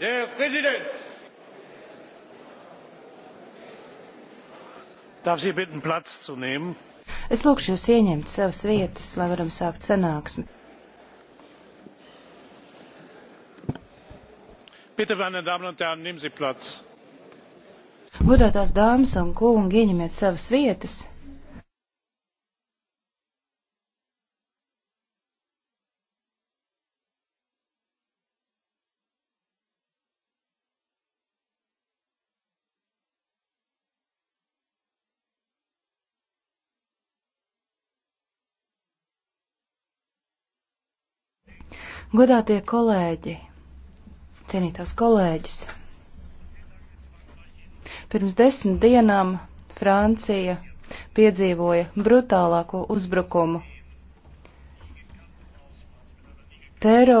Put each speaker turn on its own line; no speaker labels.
herr präsident! darf sie bitten platz zu nehmen?
es lūgšu jūs
ieņemt savas vietas, lai varam sākt sanāksmi.
Bitte, meine Damen und Herren, nehmen Sie Platz.
Godātās dāmas un kungi, ieņemiet savas vietas. Godātie kolēģi, cienītās kolēģis, pirms desmit dienām Francija piedzīvoja brutālāko uzbrukumu. Tero